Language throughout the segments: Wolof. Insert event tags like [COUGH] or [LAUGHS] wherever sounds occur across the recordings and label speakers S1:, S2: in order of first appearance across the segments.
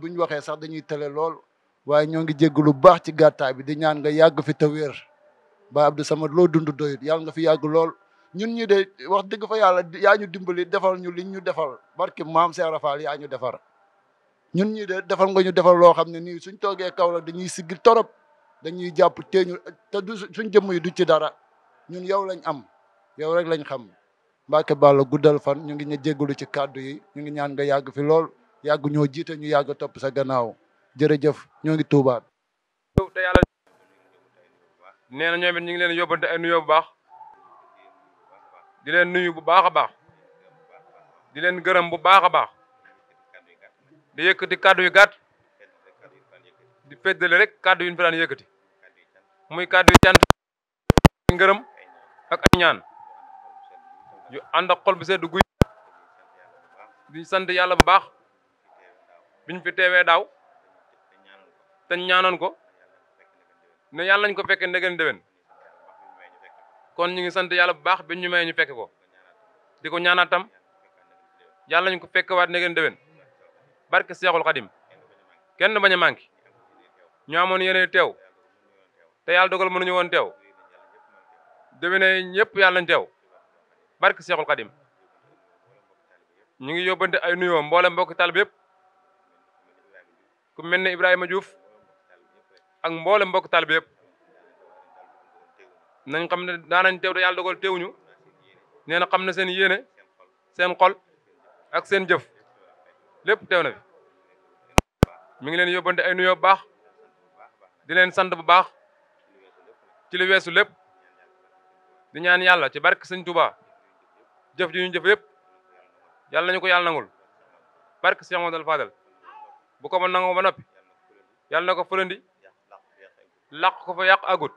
S1: bu ñu waxee sax dañuy tele lool waaye ñoo ngi jégg lu baax ci gàttaay bi di ñaan nga yàgg fi te wér ba Abdou Samad loo dund doyut yàlla nga fi yàgg lool ñun ñi de wax dëgg fa yàlla yaa ñu dimbali defal ñu liñ ñu defal barki maam Seera Fall yaa ñu defar ñun ñi de defal nga ñu defal loo xam ne nii suñ toogee kaw dañuy siggil torop dañuy jàpp teeñu te du suñ jëmm yi du ci dara ñun yow lañ am yow rek lañ xam Mbacke Balla guddal fan ñu ngi ñu jégalu ci kàddu yi ñu ñaan nga yàgg fi lool yàgg ñoo jiite ñu yàgg topp sa gannaaw jërëjëf ñoo ngi tuubaat. te yàlla
S2: nee na ñoom it ñu ngi leen yóbbante a nuyoo bu baax di leen nuyu bu baax a baax di leen gërëm bu baax a baax di yëkkati kàddu yu gàtt di feddale rek kàddu yu ñu yëkkati muy kàddu yu cant ak ñaan yu ànd xol bu sedd guy di sant yàlla bu baax. biñ fi teewee daaw te ñaanoon ko ne yàlla nañ ko fekkee ndegen déwén kon ñu ngi sant yàlla bu baax bi ñu may ñu fekke ko di ko ñaanaat tam yàlla nañ ko fekkewaat ndegen déwén barke Seexul Xadim kenn bañ a manqué ñu amoon yéene teew te yàlla dogal mënuñu woon teew déwéne ñëpp yàlla nañ teew barke Seexul Xadim ñu ngi yóbbante ay nuyoo mboolem mbokki talib yëpp ku mel ne Ibrahima juuf ak mboole mbokk taalibe yëpp nañ xam ne daanañ teew te yàlla dogal teewuñu nee na xam ne seen yéene seen xol ak seen jëf lépp teew na fi mi ngi leen yóbbante ay nu bu baax di leen sant bu baax ci lu weesu lépp di ñaan yàlla ci barke sëñ Touba jëf ji ñu jëf yëpp yàlla nañu ko yàlla nangul barke Cheikh Modou Fadel bu ko ma nangoo ba noppi yàlla na ko fëlandi làq ko fa yàq agut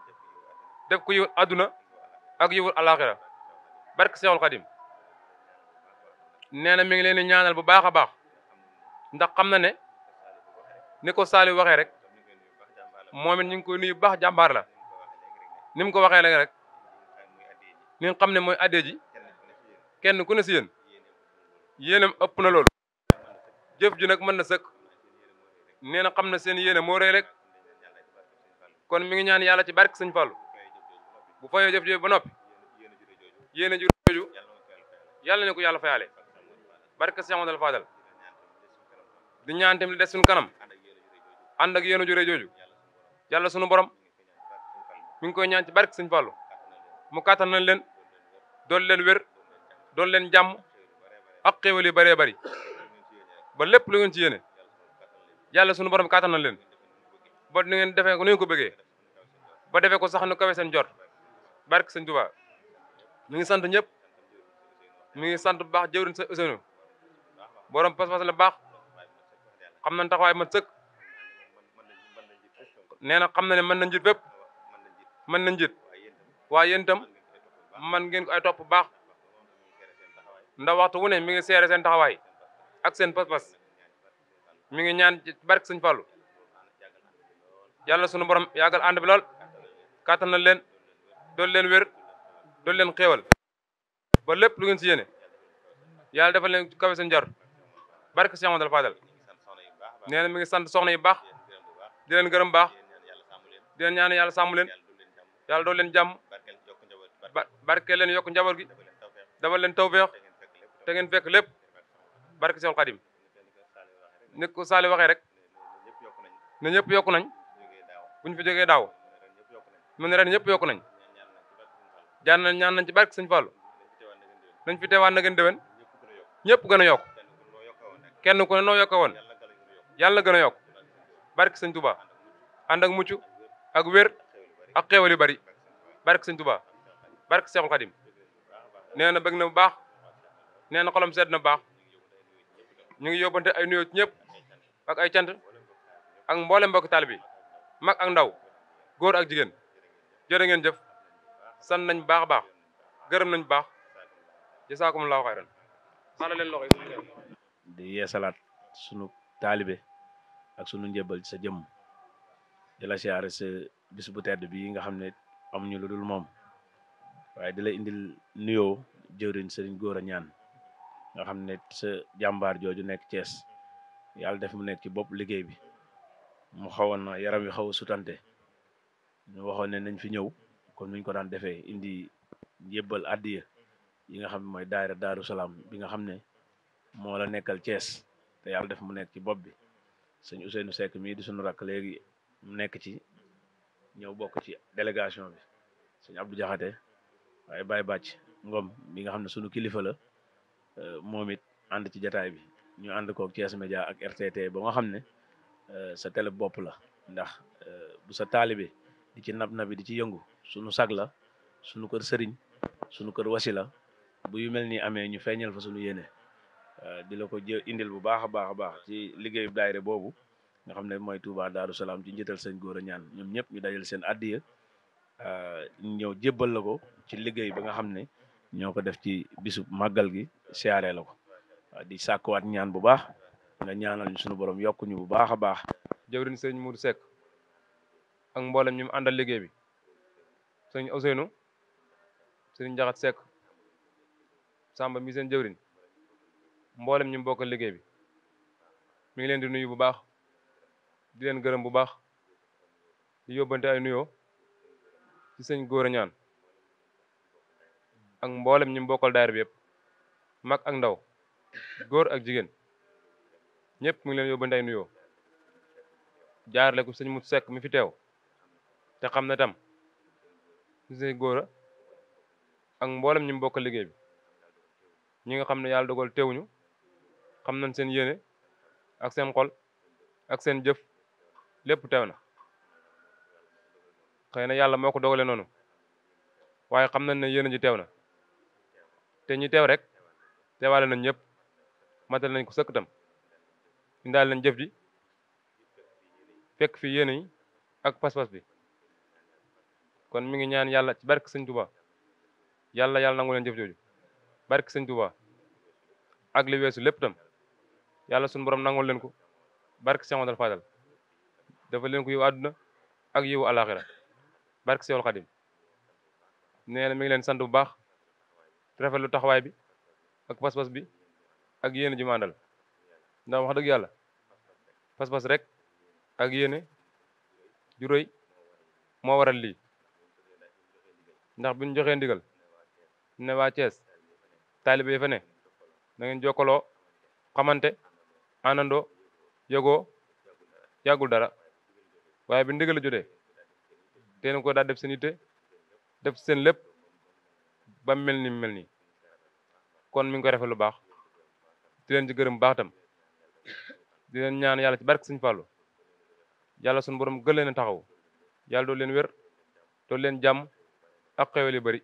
S2: def ko yiwul àdduna ak yiwul alaxira barke Seexul Xadim nee na mi ngi leen di ñaanal bu baax a baax ndax xam na ne ni ko Saali waxee rek moom it ñu ngi koy nuyu baax jàmbaar la ni ko waxee rek rek ni xam ne mooy addee ji kenn ku ne si yéen yéenam ëpp na loolu jëf ji nag mën na sëkk nee na xam na seen yéene moo rëy rek kon mi ngi ñaan yàlla ci barke sëñ Fallou bu fayoo jëf jooju ba noppi yéene ju jooju yàlla ne ko yàlla fayalee barke Cheikh Amadou Fadal di ñaan tamit li des suñu kanam ànd ak yéene jure rëy jooju yàlla sunu borom mi ngi ko ñaan ci barke sëñ Fallou mu kàttan nañ leen doon leen wér doon leen jàmm ak xéewal yu bëree bëri ba lépp lu ngeen ci yéene yàlla sunu borom kàttan na leen ba nu ngeen defee ko nu ko begee ba defee ko sax nu kawe seen jot barke sëñ Tuubaa mi ngi sant ñëpp mi ngi sant bu baax jëwriñ sa Ousseynou borom pas-pas la baax xam nañ taxawaay man sëkk nee na xam na ne mën na njit bépp mën na njit waa yéen itam man ngeen ko ay topp baax ndax waxtu wu ne mi ngi seere seen taxawaay ak seen pas-pas mi ngi ñaan ci barke sëñ Fallou sunu borom yàggal ànd bi lool kàttan leen dool leen wér dool leen xéewal ba lépp lu ngeen si yéene yàlla defal leen kawe seen jar barke Cheikh Amadou Fadal nee mi ngi sant soxna yu baax di leen gërëm baax di leen ñaan yàlla sàmm leen yàlla dool leen jàmm barke leen yokk njaboot gi dafa leen tawfeex te ngeen fekk lépp barke Cheikh Khadim ni saale Saliou waxee rek ne ñëpp yokk nañ bu ñu fi jógee daaw mu ne ren ñëpp yokku nañ jaan nañ ñaan nañ ci barke sëñ Fallou nañ fi teewaat na gën déwén ñëpp gën a yokk kenn ku ne noo yokke woon yàlla gën a yokk barke sëñ Touba ànd ak mucc ak wér ak xéewal yu bari barke sëñ tuba barke Seexul Xadim nee na bëgg na bu baax nee na xolam sedd na baax ñu ngi yóbbante ay nu ci ñëpp ak ay cant ak mboolem mbokk taalibe bi mag ak ndaw góor ak jigéen jërë ngeen jëf san nañ baax baax gërëm nañ baax jasaakumullaahu xayran ala leen loxo
S3: di yeesalaat sunu taalibe ak sunu njëbal sa jëm di la siyaare sa bis bu bi nga xam ne amuñu lu dul moom waaye di lay indil nuyoo jëwriñ sëriñ góor a ñaan nga xam ne sa jàmbaar jooju nekk Cees yàlla def mu nekk ci bopp liggéey bi mu xawoon yaram wi xaw a sutante ñu waxoon ne nañ fi ñëw kon nuñ ko daan defee indi yébbal addiya yi nga xam mooy daayira daaru salaam bi nga xam ne moo la nekkal Thiès te yàlla def mu nekk ci bopp bi sëñ Ousseynou Seck mii di suñu rakk léegi mu nekk ci ñëw bokk ci délégation bi sëñ Abdou Jaxate waaye Baye Bàcc Ngom bi nga xam ne sunu kilifa la euh, moom ànd ci jataay bi ñu ànd koog Thiès Média ak RTT ba nga xam ne euh, sa tele bopp la ndax euh, bu sa taalibe di ci nab nabi di ci yëngu sunu sag la suñu kër sëriñ suñu kër wasi la bu yu mel nii amee ñu feeñal fa suñu yéene euh, di la ko jë indil bu baax a baax a baax ci liggéeyu daayira boobu nga xam ne mooy Touba Daaru Salaam ci njëtal seen góor a ñaan ñoom ñëpp ñu dajal seen addiya ñëw jébbal la ko ci liggéey ba nga xam ne ñoo ko def ci bisub màggal gi siyaaree la ko di sàkkuwaat ñaan bu baax nga ñaanal ñu suñu borom yokk ñu bu baax a baax.
S2: jëwriñ sëñ Mourou Seck ak mboolem ñu mu àndal liggéey bi sëñ Ousseynou sëñ Ndiakhate Seck Samba mi seen jëwriñ mboolem ñu bokkal liggéey bi mi ngi leen di nuyu bu baax di leen gërëm bu baax di yóbbante ay nuyoo ci sëñ Gora Ñaan ak mboolem ñu bokkal daar bi yëpp mag ak ndaw. góor ak jigéen ñëpp mu ngi leen yóbbu nday nuyoo jaarale ko sëñ mu sekk mi fi teew te xam na tam sëñ góora ak mboolem ñi mu bokk liggéey bi ñi nga xam ne yàlla dogal teew ñu xam nañ seen yéene ak seen xol ak seen jëf lépp teew na xëy na yàlla moo ko dogale noonu waaye xam nañ ne yéene ji teew na te ñi teew rek teewaale na ñëpp matal nañ ko sëkk tam indaal nañ jëf fekk fi yéene yi ak pas-pas bi kon mi ngi ñaan yàlla ci barke sëñ Tuba yàlla yàlla nangu leen jëf jooju barke Tuba ak li weesu lépp tam yàlla suñu borom nangul leen ko barke Seex Ahmadul Fadal dafa leen ko yiw àdduna ak yiwu alaxira barke Seexul Xadim nee na mi ngi leen sant bu baax lu taxawaay bi ak pas-pas bi ak yéene jumandal ndax wax dëgg yàlla pas-pas rek ak yéene ju moo waral lii ndax bi joxe ndigal ne waa Thiès taalibe yi fa ne na ngeen xamante àndandoo yogoo yàggul dara waaye bi ndigal la jotee teen ko daal def seen yitte def seen lépp ba mel ni mel nii kon mi ngi koy rafet lu baax di leen ci gërëm baax tam di leen ñaan yàlla ci barke Sëñ Fallu yàlla suñu borom gën leen taxaw yàlla doon leen wér doon leen jàmm ak xewel yu bari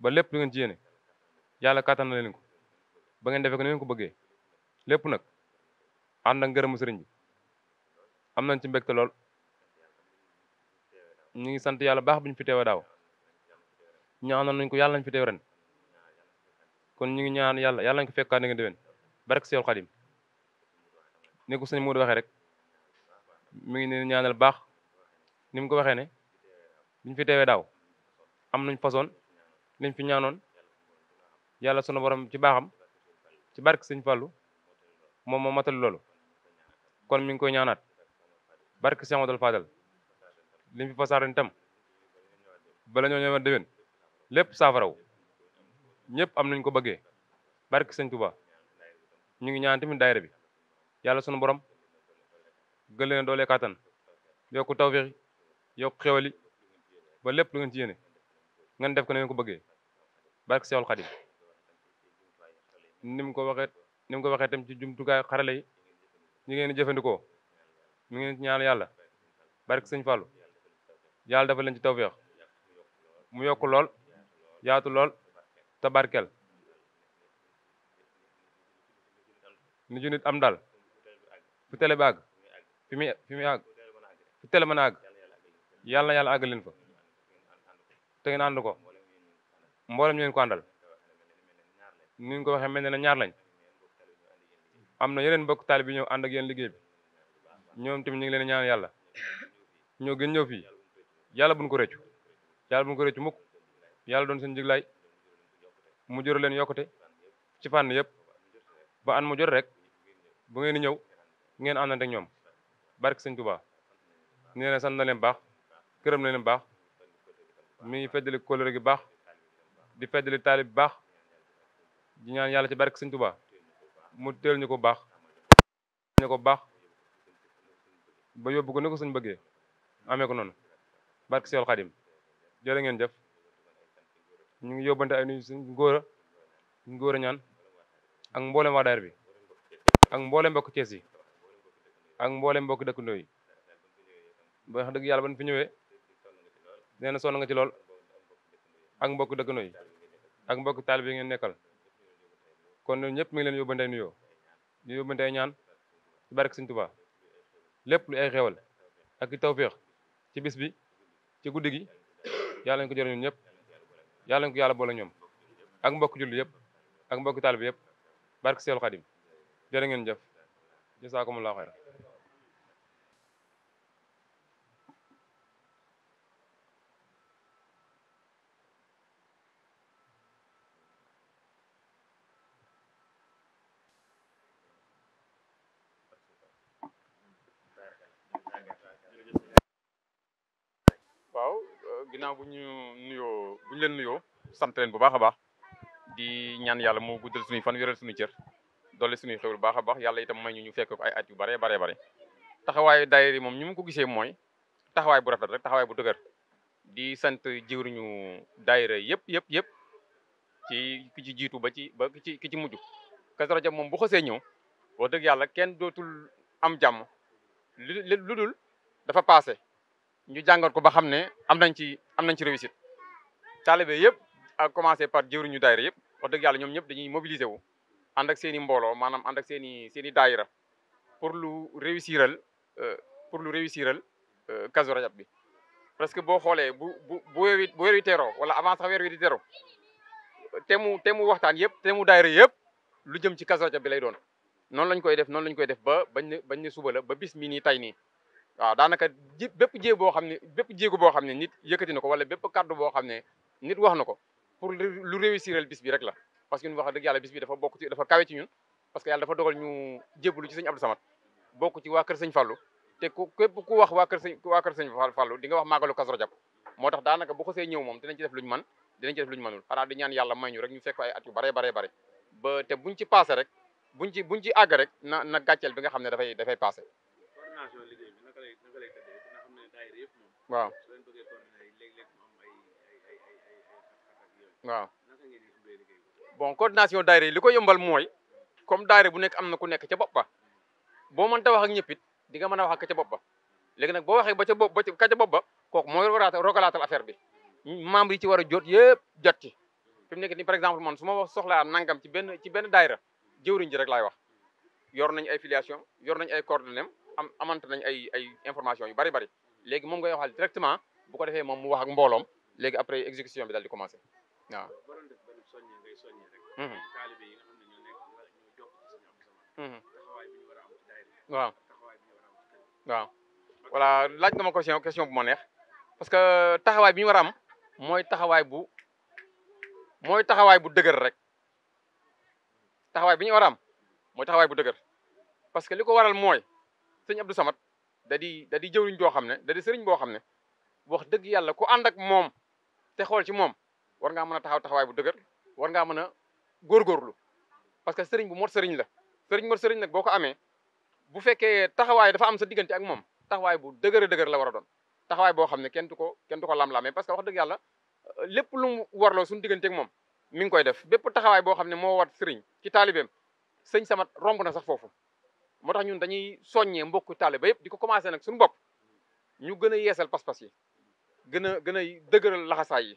S2: ba lépp lu ngeen ci yéene yàlla kattan na leen ko ba ngeen defee ko ni ngeen ko bëggee lépp nag ànd ak ngërëmu sëriñ bi am nañ ci mbégte lool ñu ngi sant yàlla baax bu ñu fi teewe daaw ñaanal nañ ko yàlla nañ fi teew ren kon ñu ngi ñaan yàlla yàlla nga ko fekkaat nga bark barke Seydou Khadim ni ko sëñ Modou waxee rek mi ngi ne ñaanal baax ni mu ko waxee ne biñ fi teewee daaw am nañ façon liñ fi ñaanoon yàlla sunu borom ci baaxam ci barke sëñ Fallou moom moo matal loolu kon mi ngi koy ñaanaat barke Seydou Modou Fadal liñ fi fasaare tam bala ñoo ñëwaat déwén lépp saafaraw ñëpp am nañ ko bëggee barke sëñ Tuba ñu ngi ñaan tamit daayira bi yàlla sunu borom gën leen doole kàttan yokku tawféexi yokk xewali ba lépp lu ngeen ci yéene ngeen def ko ne ngeen ko bëggee barke Seexul Xadim ni mu ko waxee ni ko waxee tam ci jumtukaay xarale yi ñu ngeen jëfandikoo mu ngeen ci ñaan yàlla barke sëñ Fallou yàlla dafa leen ci tawféex mu yokk lool yaatu lool tabarkel nu ju am dal fu tele ba àgg fi muy fi muy fu tele mën a àgg yàlla na yàlla àgg leen fa te ngeen ànd ko mboolem ñu leen ko àndal ni ñu ko waxee mel ne na ñaar lañ am na yeneen mbokk taali bi ñëw ànd ak yéen liggéey bi ñoom tamit ñu leen ñaar yàlla ñoo gën ñëw fii yàlla buñ ko rëccu yàlla buñ ko rëccu mukk yàlla doon seen jiglaay mu jural leen yokkute ci fànn yëpp ba an mu jot rek bu ngeen di ñëw ngeen àndante ak ñoom barke sëñ Tuubaa nee na sant na leen baax këram na leen baax mi ngi feddali kóllëre gi baax di feddali taalib bi baax di ñaan yàlla ci barke sëñ Tuubaa mu teel ñu ko baax ñu ko baax ba yóbbu ko ni ko suñ bëggee amee noonu barke Seexul Xadim jërë ngeen jëf ñu ngi yóbbante ay nuyu suñ ngóora suñ ngóora ñaan ak mboolem waa bi ak mboole mbokk Cees yi ak mboole mbokk dëkkandoo yi ba wax dëgg yàlla ban fi ñëwee nee na sonn nga ci lool ak mbokk dëkkandoo yi ak mbokk taalibe yi ngeen nekkal kon ñun ñëpp mi ngi leen yóbbante ay nuyoo ñu yóbbante ay ñaan ci barke Sëñ Tuubaa lépp lu ay xewal ak i tawféex ci bis bi ci guddi gi yàlla ko jëriñ ñun ñëpp yàlla na ko yàlla ak mbokk julli yëpp ak mbokk taalibe yëpp barke Seelu Xadim jërë ngeen jëf jazaakumullaahu xayran
S4: ginnaaw bu ñu nuyoo bu ñu leen nuyoo sant leen bu baax a baax di ñaan yàlla mu guddal suñuy fan wéral suñu cër doole suñuy xewul baax a baax yàlla itam may ñu ñu fekk ay at yu bare bare bare taxawaayu daayira moom ñu mu ko gisee mooy taxawaay bu rafet rek taxawaay bu dëgër di sant jiwriñu daayira yëpp yëpp yëpp ci ki ci jiitu ba ci ba ki ci ki ci mujj Kazu Rajab moom bu xasee ñëw wax dëgg yàlla kenn dootul am jàmm lu dul dafa paase ñu jàngat ko ba xam ne am nañ ci am nañ ci réussite taalibe yëpp a commencé par jëwriñu daayira yëpp wax dëgg yàlla ñoom ñëpp dañuy mobiliser wu ànd ak seen i mbooloo maanaam ànd ak seen i seen i pour lu réussiral euh, pour lu réussiral euh, kazu rajab bi parce que boo xoolee bu bu bu weer wi wala avant sax weer wi di teeroo te mu te mu waxtaan yëpp te mu daayira yëpp lu jëm ci kazu rajab bi lay doon noonu lañ koy def noonu lañ koy def ba bañ ne bañ ne suba ba bis mi nii tay nii waaw daanaka ji bépp jéego boo xam ne bépp jéego boo xam ne nit yëkkati na ko wala bépp kàddu boo xam ne nit wax na ko pour lu réussiral bis bi rek la parce que ñun wax dëgg yàlla bis bi dafa bokk dafa kawe ci ñun parce que yàlla dafa dogal ñu jébbalu waa kër sëñ Fallou te ku képp wax waa kër sëñ waa kër sëñ di nga wax maagalu Kazu Rajab moo tax daanaka bu xasee ñëw moom dinañ ci def luñu man dinañ ci def luñu mënul xanaa di ñaan yàlla may ñu rek ñu fekk ay at ci passé rek ci buñ rek na na gàcceel bi nga xam ne dafay dafay passé
S3: waaw waaw
S4: bon coordination daayira yi li ko yombal mooy comme daayira bu nekk am na ku nekk ca bopp ba boo mënta wax ak ñëpp it di nga mën a wax ca bopp ba léegi nag boo waxee ba ca bopp ba ca bopp ba kooku mooy rogalaatal affaire bi membre yi ci war a jot yëpp jot ci fi mu nekk ni par exemple man su ma wax soxlaa nangam ci benn ci benn daayira jëwriñ ji rek laay wax yor nañ ay filiation yor nañ ay coordonnées am amante nañ ay ay information yu bari bari léegi moom ngay waxal directement bu ko defee moom mu wax ak léegi après exécution bi daal di commencé waaw. waaw waaw voilà laaj nga ma question question bu ma neex parce que taxawaay bi ñu war a am mooy taxawaay bu mooy taxawaay bu dëgër rek taxawaay bi ñu war am mooy taxawaay bu dëgër parce que li ko waral mooy sëñ Abdou Samad da di da di jëwriñ joo xam ne da di sëriñ boo xam ne wax dëgg yàlla ko ànd ak moom te xool ci moom war ngaa mën a taxaw taxawaay bu dëggër war ngaa mën a góorgóorlu parce que sëriñ bu mot sëriñ la sëriñ mot sëriñ nag boo ko amee bu fekkee taxawaay dafa am sa diggante ak moom taxawaay bu dëgër dëgër la war a doon taxawaay boo xam ne kenn du ko kenn du ko lam-lamee parce que wax dëgg yàlla euh, lépp lu mu warloo suñu diggante moom mi ngi koy def bépp taxawaay boo xam ne moo war sëriñ ci taalibeem sëñ sama romb na sax foofu moo tax ñun dañuy soññee mbokku taaliba yëpp di ko commencé nag suñu bopp ñu gën a yeesal pas-pas yi gën a gën a dëgëral laxasaay yi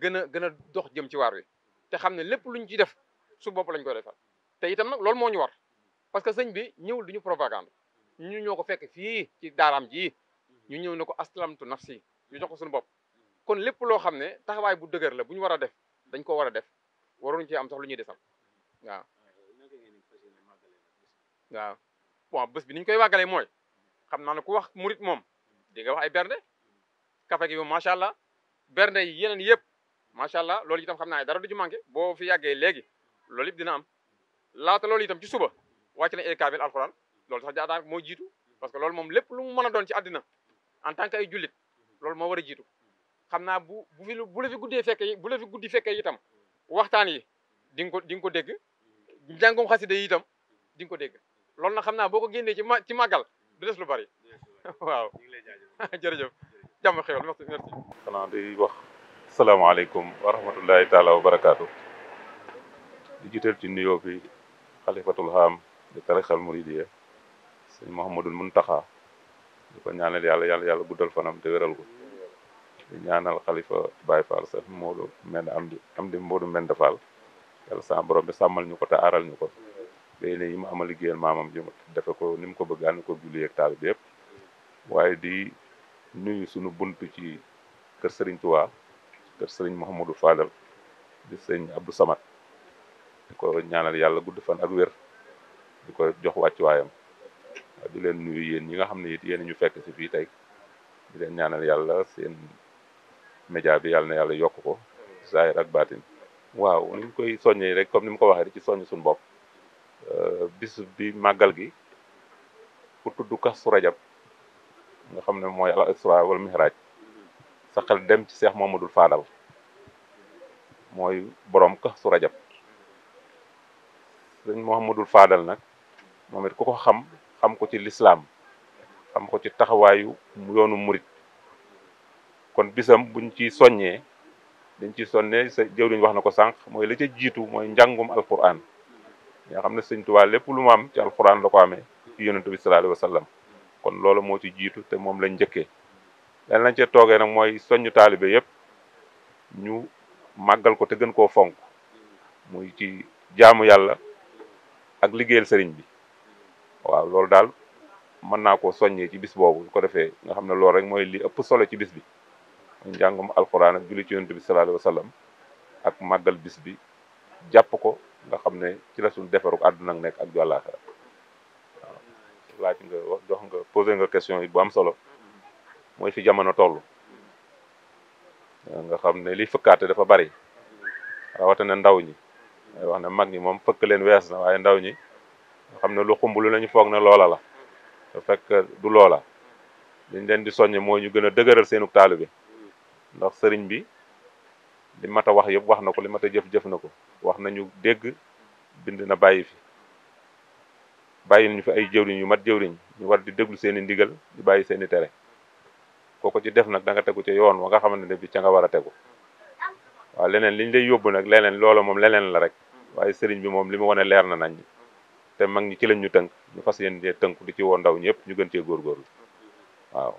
S4: gën a gën a dox jëm ci waar wi te xam ne lépp luñ ci def su bopp lañ ko defal te itam nag loolu moo ñu war parce que sëñ bi ñëwul du ñu propagande ñu ñoo ko fekk fii ci daaraam ji ñu ñëw ne ko aslamtu nafsi ñu jox ko suñu bopp kon lépp loo xam ne taxawaay bu dëgër la bu ñu war a def dañ ko war a def waruñu ci am sax lu ñuy desal waaw waaw bon bës bi ni ñu koy wàggalee mooy xam naa ne ku wax murit moom di nga wax ay bernde café gi moom macha allah bernde yi yeneen yëpp macha allah loolu itam xam naa dara du ci manqué boo fi yàggee léegi loolu yëpp dina am laata loolu itam ci suba wàcc na ay kaamil alxuraan loolu sax jaadaan moo jiitu parce que lool moom lépp lu mu mën a doon ci àddina en tant que ay jullit loolu moo war a jiitu xam naa bu bu fi bu la fi guddee fekkee bu la guddi fekkee itam waxtaan yi di nga ko di nga ko dégg njàngum xasida yi itam di nga ko dégg loolu na xam naa boo ko génnee ci ma ci màggal du des lu bari jam [LAUGHS] jërëjëf jàmm xewal merci merci
S5: xanaa di wax salaamaaleykum wa rahmatullahi taala wa barakaatu di jiital ci nuyoo bi xalifatul haam di tarixal muridiya sëñ mu Muntaxa di ko ñaanal yàlla yàlla yàlla guddal fanam te wéral ko ñaanal xalifa Baye Fall sax Moodu Mbend am di am di Moodu Mbend Fall yàlla sa borom bi sàmmal ñu ko te aaral ñu ko léeg-léeg yi mu amal liggéeyal maamam ji defe ko ni mu ko bëgg ànd ko julli ak taalibe yëpp waaye di nuyu sunu bunt ci kër sëriñ tuwa kër Serigne Mouhamadou Fadal di sëñ Abdou Samad di ko ñaanal yàlla gudd fan ak wér di ko jox wàccuwaayam di leen nuyu yéen ñi nga xam ne it yéen ñu fekk si fii tey di leen ñaanal yàlla seen média bi yàlla na yàlla yokk ko zahir ak baatin waaw ni ñu koy soññee rek comme ni mu ko waxee rek ci soññ suñu bopp. Euh, bis bi màggal gi ku tudd Kazu Rajab nga xam ne mooy al Isra wal Mihraj sa xel dem ci Seex Mamadul Faadal mooy borom Kazu Rajab sëñ Mohamadul Faadal nag moom it ku ko xam xam ko ci lislaam xam ko ci taxawaayu yoonu murit kon bisam buñ ci soññee dañ ci sonne sa jëwriñ wax na ko sànq mooy la ca jiitu mooy njàngum alquran nga xam ne sëñ Tuubaa lépp lu mu am ci alxuraan la ko amee ci yonent bi sallallahu sallam kon loolu moo ci jiitu te moom lañ njëkkee lan lañ ca toogee nag mooy soññu taalibe yëpp ñu màggal ko te gën koo fonk muy ci jaamu yàlla ak liggéeyal sëriñ bi waaw loolu daal mën naa koo soññee ci bis boobu ko defee nga xam ne loolu rek mooy li ëpp solo ci bis bi njàngum alxuraan ak julli ci yonent bi sallallahu sallam ak màggal bis bi jàpp ko nga xam ne ci la suñ defaru àdduna nekk ak ju laaj nga jox nga pose nga question yi bu am solo mooy fi jamono toll nga xam ne liy fëkkaate dafa bari rawatina ndaw ñi wax ne mag ñi moom fëkk leen wees na waaye ndaw ñi nga xam ne lu xumb lu lañu foog na loola la te fekk du loola liñ leen di soñ mooy ñu gën a dëgëral seenu bi ndax sëriñ bi li mat wax yëpp wax na ko li mat jëf jëf na ko wax nañu dégg bind na bàyyi fi bàyyi ñu fi ay jëwriñ yu mat jëwriñ ñu war di déglu seen i ndigal di bàyyi seen i tere kooko ci def nag danga tegu ci yoon wa nga xamante ne bi ca nga war a tegu waa leneen liñ lay yóbbu nag leneen loolo moom leneen la rek waaye sëriñ bi moom li mu wane leer na nañ te mag ñi ci lañ ñu tënk ñu fas yéen cee tënku di ci woo ndaw ñëpp ñu gën cee góorgóorlu waaw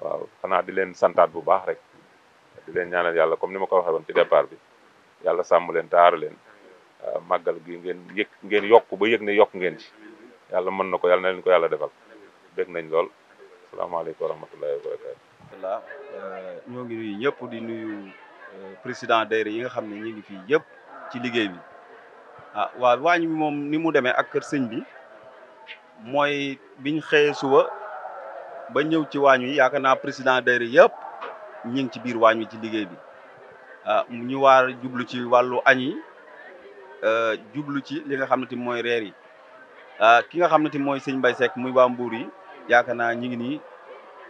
S5: waaw xanaa di leen santaat bu baax rek di leen ñaanal yàlla comme ni ma ko waxee woon ci départ bi yàlla sàmm leen taaru leen euh, màggal gi ngeen yëg ngeen yokk ba yëg ne yokk ngeen ci yàlla mën na ko yàlla na leen ko yàlla defal bég nañ lool salaamaaleykum wa rahmatullahi wa barakatu walla
S1: euh, ñoo ngi nuyu ñëpp di nuyu euh, président daayira yi nga xam ne ñu ngi fii yëpp ci liggéey bi ah waa waañ wi moom ni mu demee ak kër sëñ bi mooy biñ xëyee suba ba ñëw ci waañ wi yaakaar naa président daayira yëpp ñi ngi ci biir waañ wi ci liggéey bi ah ñu waar jublu ci wàllu añ yi eh, jublu ci li nga xam ne ti mooy reer yi ah, ki nga xam ne ti mooy sëñ Mbaye Seck muy waa Mbour yi yaakaar naa ñu ngi nii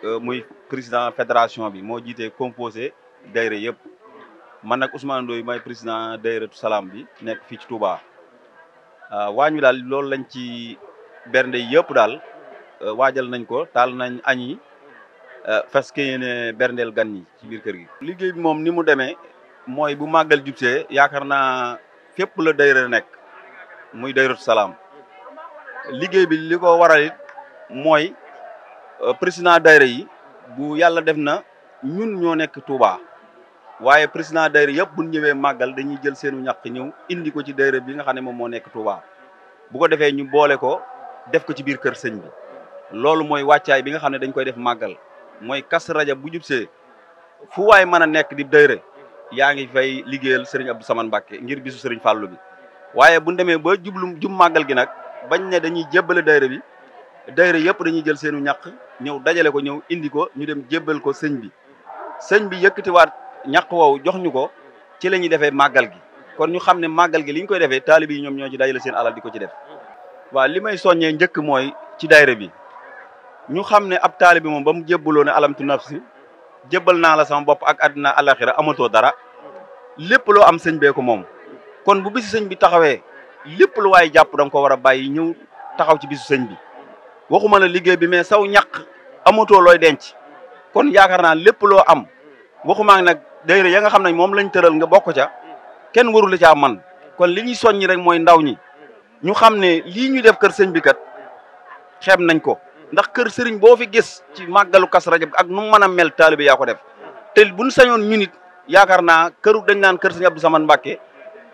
S1: eh, muy président fédération bi moo jiitee composé dayre yëpp man nag Ousmane Ndoye may président dayretu salaam bi nekk fii ci Touba ah, waañ wi daal loolu lañ ci bernde yëpp daal eh, waajal nañ ko taal nañ añ Euh, fas ke yéene berndeel gan yi ci biir kër gi. liggéey bi moom ni mu demee mooy bu màggal jubsee yaakaar naa fépp la dayra nekk muy dayratu salaam liggéey bi li ko waral it mooy euh, président dayra yi bu yàlla def na ñun ñoo nekk Touba waaye président dayra yëpp bu ñëwee màggal dañuy jël seenu ñàq ñëw indi ko ci dayra bi nga xam ne moom moo nekk Touba bu ko defee ñu boole ko def ko ci biir kër sëñ bi loolu mooy wàccaay bi nga xam ne dañ koy def màggal. mooy Kazu Rajab bu jubsee fu waay mën a nekk di dayre yaa ngi fay liggéeyal Serigne Abdou Samane Mbacké ngir bisu Serigne Fallou bi waaye bu ñu demee ba jublum jub màggal gi nag bañ ne dañuy jébbale dayre bi dayre yëpp dañuy jël seenu ñàq ñëw dajale ko ñëw indi ko ñu dem jëbbal ko sëñ bi sëñ bi yëkkatiwaat ñàq woowu jox ñu ko ci la ñuy defee màggal gi kon ñu xam ne màggal gi li ñu koy defee taalibe yi ñoom ñoo ci dajale seen alal di ko ci def waaw li may soññee njëkk mooy ci dayre bi ñu xam ne ab taalibi moom ba mu jébbaloo ne alamtu nafsi jébbal naa la sama bopp ak àddina alaxira amatoo dara lépp loo am sëñ bee ko moom kon bu bisu sëñ bi taxawee lépp lu waaye jàpp dang ko war a bàyyi ñëw taxaw ci bisu sëñ bi waxuma la liggéey bi mais saw ñaq amatoo looy denc kon yaakaar naa lépp loo am waxumaa nag dayra ya nga xam nañ moom lañ tëral nga bokk ca kenn warula caa man kon li ñuy ñi rek mooy ndaw ñi ñu xam ne lii ñu def kër sëñ bi kat xeeb nañ ko ndax kër sëriñ boo fi gis ci màggalu kas rajab ak nu mën a mel taalibe yaa ko def bu buñ sañoon ñu nit yaakaar naa këru dañ naan kër sëriñ Abdou Samane Mbacke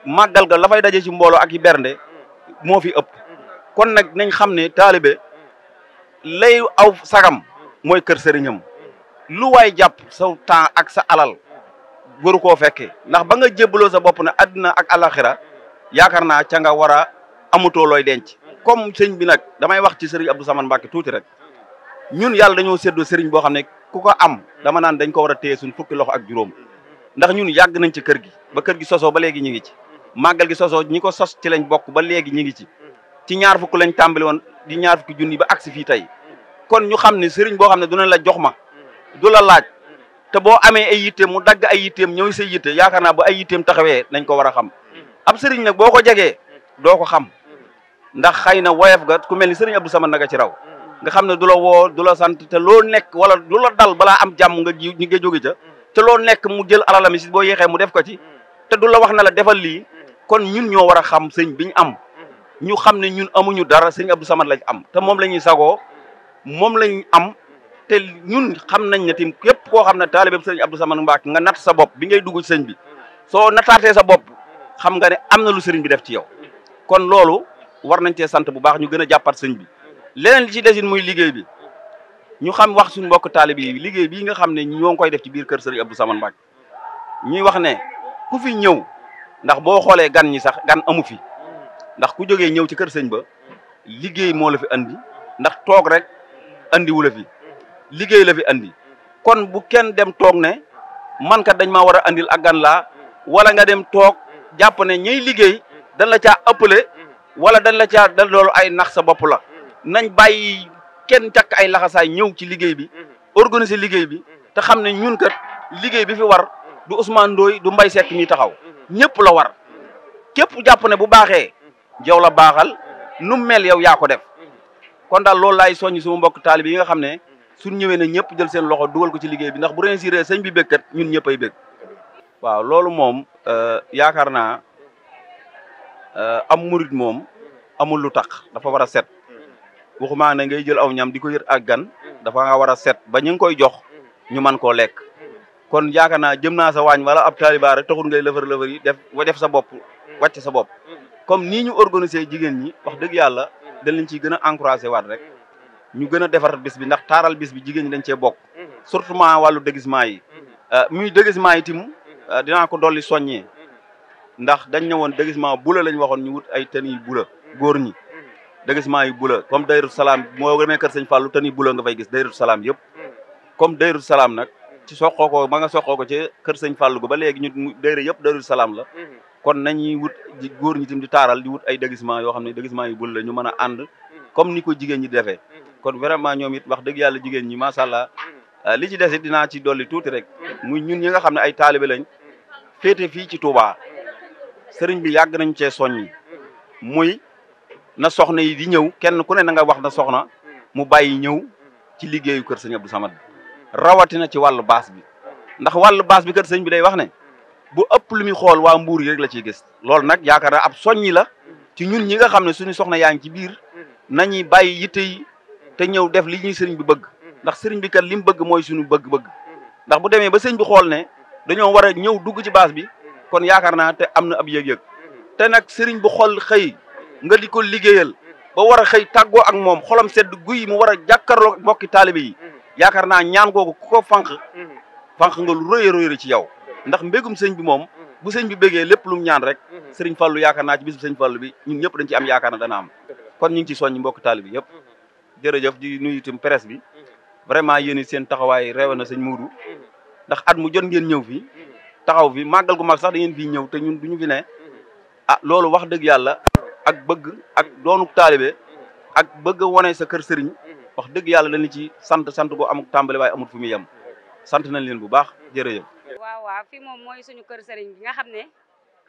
S1: màggal ga la fay daje ci mbooloo ak i bernde moo fi ëpp kon nag nañ xam ne taalibe lay aw sagam mooy kër sëriñam lu waay jàpp sa temps ak sa alal waru koo fekkee ndax ba nga jébbaloo sa bopp ne àddina ak alaxira yaakaar naa ca nga war a amutoo looy denc comme sëñ bi nag damay wax ci sëriñ Abdou Samane Mbacke tuuti rek ñun yàlla dañoo séddoo sëriñ boo xam ne ku ko am dama naan dañ ko war a téye suñ fukki loxo ak juróom ndax ñun yàgg nañ ci kër gi ba kër gi sosoo ba léegi ñu ngi ci màggal gi sosoo ñi ko sos ci lañ bokk ba léegi ñu ngi ci ci ñaar fukk lañ tàmbali woon di ñaar fukki junni ba agsi fii tey kon ñu xam ne sëriñ boo xam ne du la jox ma du la laaj te boo amee ay yitteem mu dagg ay yitteem ñëw say yitte yaakaar naa bu ay yitteem taxawee nañ ko war a xam ab sëriñ nag boo ko jegee doo ko xam ndax xëy na woyof ga ku mel ni sëriñ Abdou Samad naga ci raw nga xam ne du la woo du la sant te loo nekk wala du la dal balaa am jàmm nga ji nga jóge ca te loo nekk mu jël alalam si boo yéexee mu def ko ci te du la wax na la defal lii kon ñun ñoo war a xam sëñ biñ am ñu xam ne ñun amuñu dara sëñ Abdou Samad lañ am te moom la ñuy sagoo moom lañ am te ñun xam nañ ne tim képp koo xam ne taalibeem sëñ Abdou Samad Mbacke nga nat sa bopp bi ngay dugg sëñ bi soo nattaatee sa bopp xam nga ne am na lu sëriñ bi def ci yow war nañ cee sant bu baax ñu gën a jàppat sëñ bi leneen li ci desin muy liggéey bi ñu xam wax suñu mbokk taalibe yi liggéey bii nga xam ne ñoo ngi koy def ci biir kër sëriñ Abdou Samane Mbacke ñuy wax ne ku fi ñëw ndax boo xoolee gan ñi sax gan amu fi ndax ku jógee ñëw ci kër sëñ ba liggéey moo la fi andi ndax toog rek andi wu la fi liggéey la fi andi kon bu kenn dem toog ne man ka dañ ma war a andil ak gan laa wala nga dem toog jàpp ne ñay liggéey dañ la caa ëppale wala da la caa dal loolu ay nax sa bopp la nañ bàyyi kenn takk ay laxasaay ñëw ci liggéey bi organiser liggéey bi te xam ne ñun kat liggéey bi fi war du Ousmane Ndoye du Mbaye Seck mi taxaw ñëpp la war képp jàpp ne bu baaxee yow la baaxal nu mel yow yaa ko def kon daal loolu laay soññ suma mbokk taalib yi nga xam ne suñ ñëwee ne ñëpp jël seen loxo dugal ko ci liggéey bi ndax bu réussir sëñ bi bëgg kat ñun ñëpp ay bëgg waaw loolu moom euh, yaakaar naa Euh, am murit moom amul lu tax dafa war a set waxumaa ne ngay jël aw ñam di ko yët ak gan dafa war a set ba ñu ngi koy jox ñu man koo lekk kon yaakaar naa jëm naa sa waañ wala ab taalibaa rek taxul ngay lëfër lëfër yi def wa def sa bopp wàcc sa bopp comme nii ñu organisé jigéen ñi wax dëgg yàlla dañ leen ciy gën a encouragé waat rek ñu gën a defar bis bi ndax taaral bis bi jigéen ñi dañ cee bokk surtout wàllu déguisement yi euh, muy déguisement tim euh, dinaa ko dolli soññee ndax dañ ñëwoon déguisement bula lañ waxoon ñu wut ay tenue bula góor ñi déguisement yi bula comme dayru salaam moo demee kër sëñ Fallou tenue bula nga fay gis dayru salaam yëpp comme dayru salaam nag ci soqoo ko ma nga soqoo ko ci kër sëñ Fallou ba léegi ñu dayru yëpp dayru salaam la kon nañuy wut góor ñi tam di taaral di wut ay déguisement yoo xam ne déguisement yi bula la ñu mën a ànd comme ni ko jigéen ñi defee kon vraiment ñoom it wax dëgg yàlla jigéen ñi macha allah euh, li ci des it dinaa ci dolli tuuti rek muy ñun ñi nga xam ne ay taalibe lañ féete fii ci Touba sëriñ bi yàgg nañ cee soññi muy na soxna yi di ñëw kenn ku ne na nga wax na soxna mu bàyyi ñëw ci liggéeyu kër sëñ Abdou Samad rawatina ci wàllu baas bi ndax wàllu baas bi kër sëñ bi day wax ne bu ëpp lu muy xool waa mbuur yi rek la ciy gis loolu nag yaakaar naa ab soññi la ci ñun ñi nga xam ne suñu soxna yaa ngi ci biir nañuy bàyyi yitte te ñëw def li ñuy sëriñ bi bëgg ndax sëriñ bi kat li mu bëgg mooy suñu bëgg-bëgg ndax bu demee ba sëñ bi xool ne dañoo war a ci baas bi kon yaakaar naa te am na ab yëg-yëg te nag sëriñ bu xol xëy nga di ko liggéeyal ba war a xëy tàggoo ak moom xolam sedd guy mu war a jàkkaarloo mbokki taalibe yi yaakaar naa ñaan googu ko fànq fanq nga lu rëy a ci yow ndax mbégum sëñ bi moom bu sëñ bi bégee lépp lu mu ñaan rek sëriñ fallu yaakaar naa ci bisub sëñ Fallou bi ñun ñëpp dañ ci am yaakaar na dana am kon ñu ngi ci soññ mbokki taalibe yëpp jërëjëf di nuyu itam presse bi vraiment yéen seen taxawaay reewe na sëñ Mourou ndax at mu jot ngeen ñëw fii taxaw fi màggal gu mag sax da ngeen fi ñëw te ñun duñu fi ne a ah, loolu wax dëgg yàlla ak bëgg ak doonu taalibe ak bëgg a sa kër sëriñ wax dëgg yàlla dañu ci sant sant boo amul tàmbali waaye amul fu muy yem sant nañ leen bu baax jërëjëf.
S6: waaw waaw fii moom mooy suñu kër sëriñ bi nga xam ne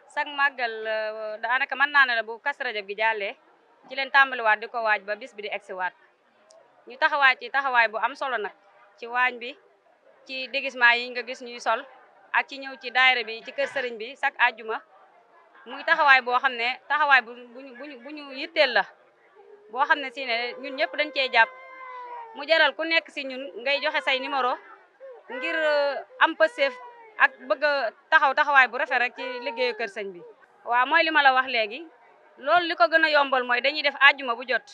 S6: sag màggal euh, daanaka man naa ne la bu kas gi jàllee ci leen tàmbaliwaat di ko waaj ba bis bi di egsiwaat ñu taxawaay ci taxawaay bu am solo nag ci waañ bi ci déguisement gis ñuy ak ci ñëw ci daayira bi ci kër sëriñ bi chaque àjjuma muy taxawaay boo xam ne taxawaay bu buñu bu ñu yitteel la boo xam ne si ñun ñëpp dañ cee jàpp mu jaral ku nekk si ñun ngay joxe say numéro ngir uh, am pëseef ak bëgg taxaw taxawaay bu rafet rek ci liggéeyu kër sëñ bi. waa mooy li ma la wax léegi loolu li ko gën a yombal mooy dañuy def àjjuma bu jot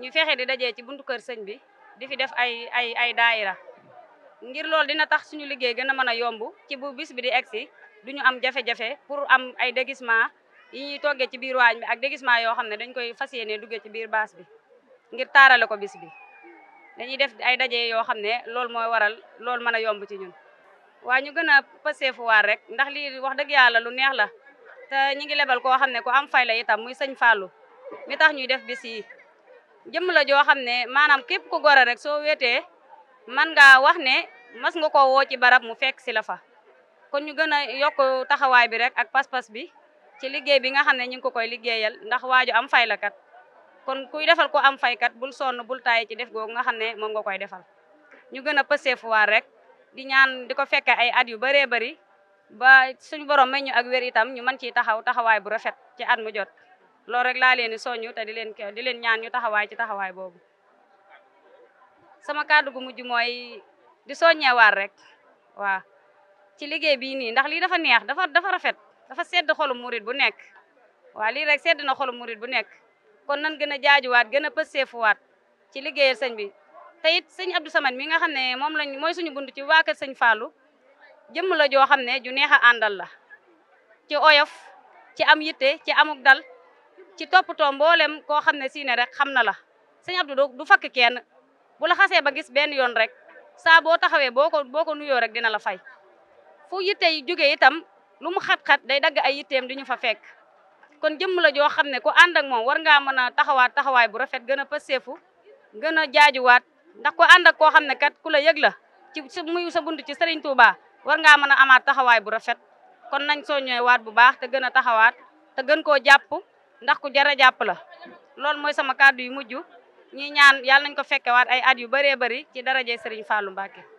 S6: ñu fexe di dajee ci buntu kër sëñ bi di fi def ay ay ay daayira. ngir loolu dina tax suñu liggéey gën a mën a yomb ci bu bis bi di egsi duñu am jafe-jafe pour am ay déguisement yi ñuy toggee ci biir waañ bi ak déguisement yoo xam ne dañ koy fas yéene duggee ci biir baas bi ngir taarale ko bis bi dañuy def ay daje yoo xam ne loolu mooy waral loolu mën a yomb ci ñun waa ñu gën a paseefuwaar rek ndax lii wax dëgg yàlla lu neex la te ñi ngi lebal koo xam ne ku am fay la itam muy sëñ Fallou mi tax ñuy def bis yi jëmm la joo xam ne maanaam képp ku gore rek soo weetee man nga wax ne mas nga ko woo ci barab mu fekk si la fa kon ñu gën a yokk taxawaay bi rek ak pas-pas bi ci liggéey bi nga xam ne ñu ngi ko koy liggéeyal ndax waaju am fay kon kuy defal ko am faykat bul sonn bul tàyyi ci def googu nga xam ne moom nga koy defal ñu gën a pëseefuwaar rek di ñaan di ko fekke ay at yu bëree bari ba suñu borom may ñu ak wér itam ñu mën ciy taxaw taxawaay bu rafet ci at mu jot loolu rek laa leen di soññu te di leen di leen ñaan ñu taxawaay ci taxawaay boobu sama kàddu gu mujj mooy di soññewaat rek waaw ci liggéey bii nii ndax lii dafa neex dafa dafa rafet dafa sedd xolu murit bu nekk waaw lii rek sedd na xolu murit bu nekk kon nan gën a jaajuwaat gën a pëseefuwaat ci liggéeyal sëñ bi te it sëñ Abdou Samad mi nga xam ne moom lañ mooy suñu bunt ci waa kër sëñ Fallou jëmm la joo xam ne ju neex a àndal la ci oyof ci am yitte ci amuk dal ci toppatoo mboolem koo xam ne siine rek xam na la sëñ Abdou du fakk kenn bu la xasee ba gis benn yoon rek saa boo taxawee boo ko boo ko nuyoo rek dina la fay fu yitte yi jógee itam lu mu xat-xat day dagg ay yitteem di ñu fa fekk kon jëmm la joo xam ne ku ànd ak moom war nga mën a taxawaat taxawaay bu rafet gën a pëseefu gën a jaajuwaat ndax ku ànd ak koo xam ne kat ku la yëg la ci muy sa bunt ci Serigne Touba war ngaa mën a amaat taxawaay bu rafet kon nañ soo ñëwaat bu baax te gën a taxawaat te gën koo jàpp ndax ku jar a jàpp la mooy sama kàddu yu mujj ñi ñaan yàlla nañ ko fekkewaat ay at yu bëree bari ci daraje Serigne Fallou Mbacké